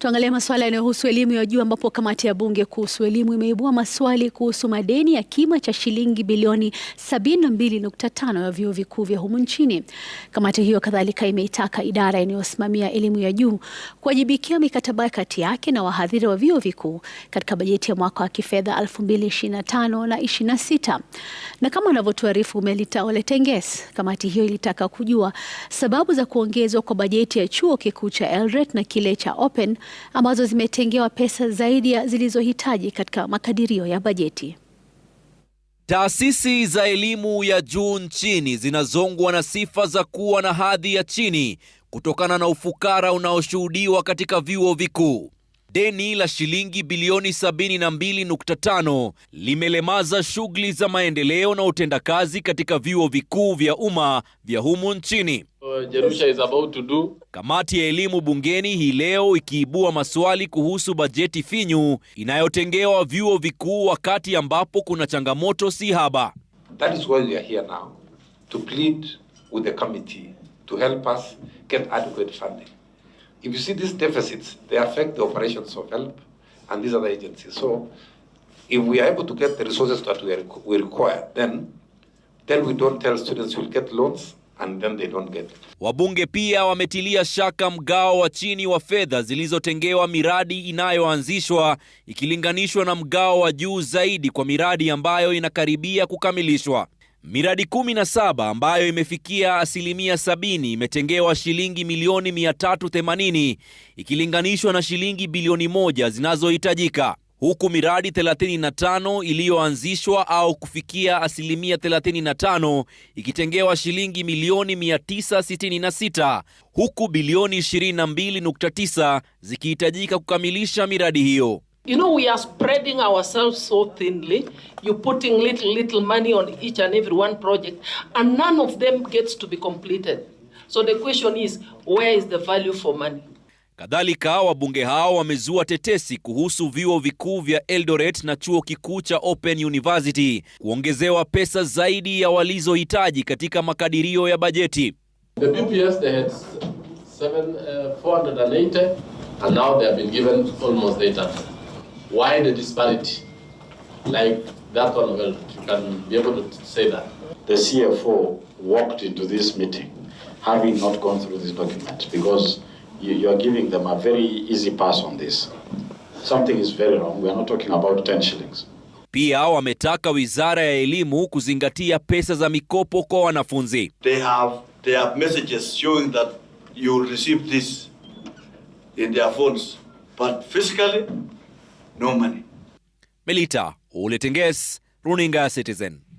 Tuangalie masuala yanayohusu elimu ya juu ambapo kamati ya bunge kuhusu elimu imeibua maswali kuhusu madeni ya kima cha shilingi bilioni 72.5 ya vyuo vikuu vya humu nchini. Kamati hiyo kadhalika imeitaka idara inayosimamia elimu ya juu kuwajibikia mikataba kati yake na wahadhiri wa vyuo vikuu katika bajeti ya mwaka wa kifedha 2025 na 26. Na kama anavyotuarifu Melita Oletenges, kamati hiyo ilitaka kujua sababu za kuongezwa kwa bajeti ya chuo kikuu cha Eldoret na kile cha Open ambazo zimetengewa pesa zaidi ya zilizohitaji katika makadirio ya bajeti. Taasisi za elimu ya juu nchini zinazongwa na sifa za kuwa na hadhi ya chini kutokana na ufukara unaoshuhudiwa katika vyuo vikuu. Deni la shilingi bilioni 72.5 limelemaza shughuli za maendeleo na utendakazi katika vyuo vikuu vya umma vya humu nchini. Jerusha is about to do. Kamati ya elimu bungeni hii leo ikiibua maswali kuhusu bajeti finyu inayotengewa vyuo vikuu wakati ambapo kuna changamoto si haba. That is why we are here now to plead with the committee to help us get adequate funding. If you see these deficits, they affect the operations of HELP and these other agencies. So if we are able to get the resources that we, are, we require, then, then we don't tell students we'll get loans and then they don't get. it. Wabunge pia wametilia shaka mgao wa chini wa fedha zilizotengewa miradi inayoanzishwa ikilinganishwa na mgao wa juu zaidi kwa miradi ambayo inakaribia kukamilishwa. Miradi 17 ambayo imefikia asilimia 70 imetengewa shilingi milioni 380 ikilinganishwa na shilingi bilioni moja zinazohitajika huku miradi 35 iliyoanzishwa au kufikia asilimia 35 ikitengewa shilingi milioni 966 huku bilioni 22.9 zikihitajika kukamilisha miradi hiyo. You know, we are spreading ourselves so thinly. You're putting little, little money on each and every one project, and none of them gets to be completed. So the question is, where is the value for money? Kadhalika, wabunge hao wamezua tetesi kuhusu vyuo vikuu vya Eldoret na chuo kikuu cha Open University kuongezewa pesa zaidi ya walizohitaji katika makadirio ya bajeti. The BPS, they had seven, uh, 480, and now they have been given almost 800. Why the disparity? Like that one, well, you can be able to say that. The CFO walked into this meeting having not gone through this document because you, you are giving them a very easy pass on this. Something is very wrong. We are not talking about 10 shillings. Pia wametaka Wizara ya Elimu kuzingatia pesa za mikopo kwa wanafunzi. They have they have messages showing that you will receive this in their phones but physically no money. Melita Oletenges, Runinga Citizen.